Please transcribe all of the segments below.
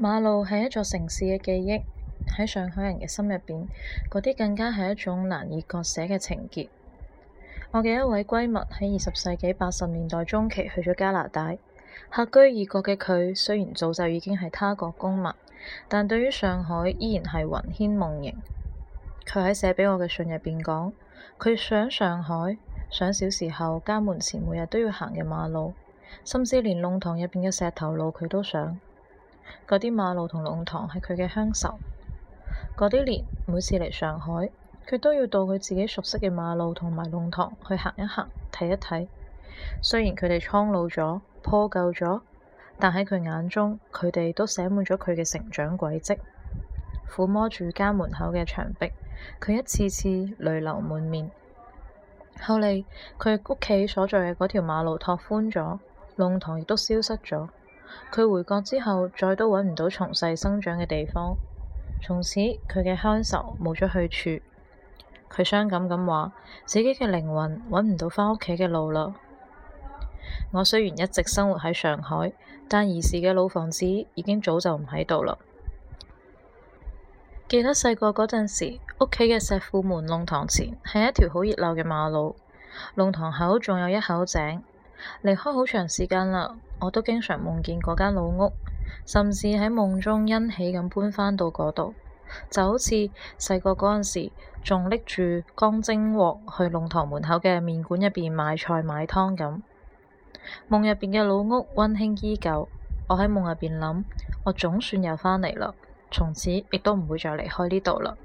馬路係一座城市嘅記憶，喺上海人嘅心入邊，嗰啲更加係一種難以割捨嘅情結。我嘅一位閨蜜喺二十世紀八十年代中期去咗加拿大，客居異國嘅佢，雖然早就已經係他國公民，但對於上海依然係魂牽夢縈。佢喺寫畀我嘅信入邊講，佢想上海，想小時候家門前每日都要行嘅馬路，甚至連弄堂入邊嘅石頭路佢都想。嗰啲馬路同弄堂係佢嘅鄉愁。嗰啲年每次嚟上海，佢都要到佢自己熟悉嘅馬路同埋弄堂去行一行、睇一睇。雖然佢哋蒼老咗、破舊咗，但喺佢眼中，佢哋都寫滿咗佢嘅成長軌跡。撫摸住家門口嘅牆壁，佢一次次淚流滿面。後嚟，佢屋企所在嘅嗰條馬路拓寬咗，弄堂亦都消失咗。佢回國之後，再都揾唔到從細生長嘅地方，從此佢嘅鄉愁冇咗去處。佢傷感咁話，自己嘅靈魂揾唔到返屋企嘅路啦。我雖然一直生活喺上海，但兒時嘅老房子已經早就唔喺度啦。記得細個嗰陣時，屋企嘅石庫門弄堂前係一條好熱鬧嘅馬路，弄堂口仲有一口井，離開好長時間啦。我都經常夢見嗰間老屋，甚至喺夢中欣喜咁搬翻到嗰度，就好似細個嗰陣時仲拎住鋼精鑊去弄堂門口嘅麵館入邊買菜買湯咁。夢入邊嘅老屋溫馨依舊，我喺夢入邊諗，我總算又翻嚟啦，從此亦都唔會再離開呢度啦。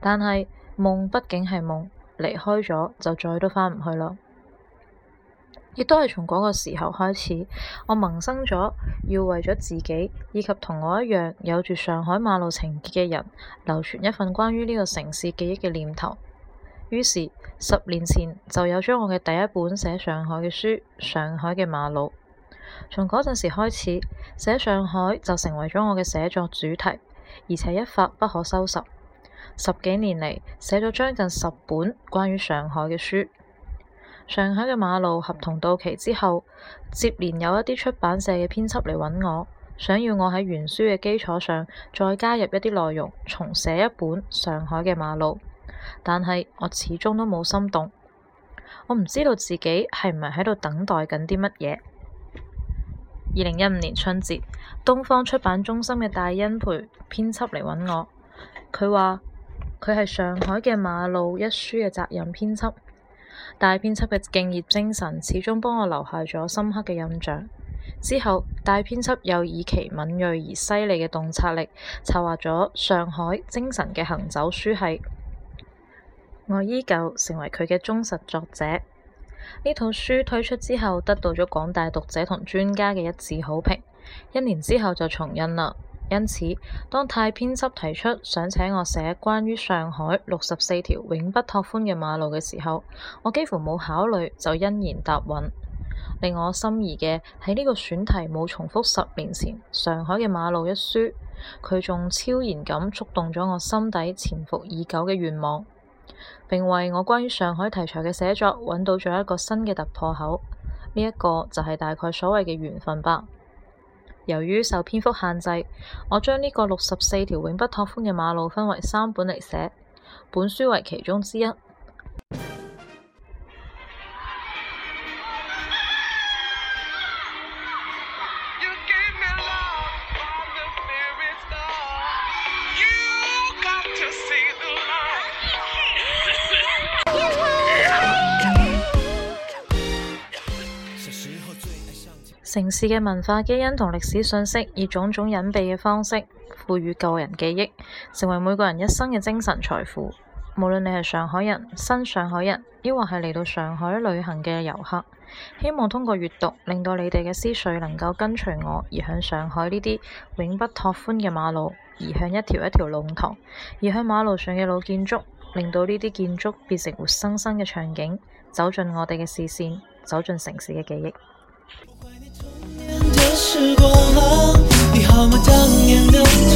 但係夢畢竟係夢，離開咗就再都翻唔去啦。亦都係從嗰個時候開始，我萌生咗要為咗自己以及同我一樣有住上海馬路情結嘅人，留傳一份關於呢個城市記憶嘅念頭。於是十年前就有咗我嘅第一本寫上海嘅書《上海嘅馬路》。從嗰陣時開始，寫上海就成為咗我嘅寫作主題，而且一發不可收拾。十幾年嚟，寫咗將近十本關於上海嘅書。上海嘅馬路合同到期之後，接連有一啲出版社嘅編輯嚟揾我，想要我喺原書嘅基礎上再加入一啲內容，重寫一本《上海嘅馬路》，但係我始終都冇心動。我唔知道自己係唔係喺度等待緊啲乜嘢。二零一五年春節，東方出版中心嘅戴恩培編輯嚟揾我，佢話佢係《上海嘅馬路》一書嘅責任編輯。大編輯嘅敬業精神始終幫我留下咗深刻嘅印象。之後，大編輯又以其敏銳而犀利嘅洞察力，策劃咗《上海精神》嘅行走書系，我依舊成為佢嘅忠實作者。呢套書推出之後，得到咗廣大讀者同專家嘅一致好評。一年之後就重印啦。因此，當太編輯提出想請我寫關於上海六十四條永不拓寬嘅馬路嘅時候，我幾乎冇考慮就欣然答允。令我心儀嘅係呢個選題冇重複十年前《上海嘅馬路》一書，佢仲超然咁觸動咗我心底潛伏已久嘅願望，並為我關於上海題材嘅寫作揾到咗一個新嘅突破口。呢、這、一個就係大概所謂嘅緣分吧。由於受篇幅限制，我將呢個六十四條永不拓寬嘅馬路分為三本嚟寫，本書為其中之一。城市嘅文化基因同歷史信息，以種種隱秘嘅方式賦予舊人記憶，成為每個人一生嘅精神財富。無論你係上海人、新上海人，抑或係嚟到上海旅行嘅遊客，希望通過閱讀，令到你哋嘅思緒能夠跟隨我，移向上海呢啲永不拓寬嘅馬路，移向一條一條弄堂，移向馬路上嘅老建築，令到呢啲建築變成活生生嘅場景，走進我哋嘅視線，走進城市嘅記憶。的時光啊，你好嗎？當年的。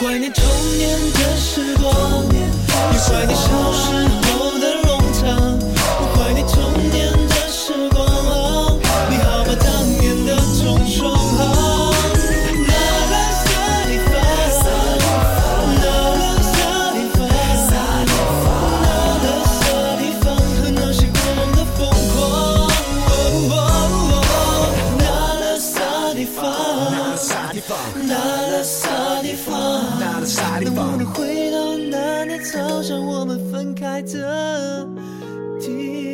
懷念童年的時光，能不能回到那年早上我們分開的地方？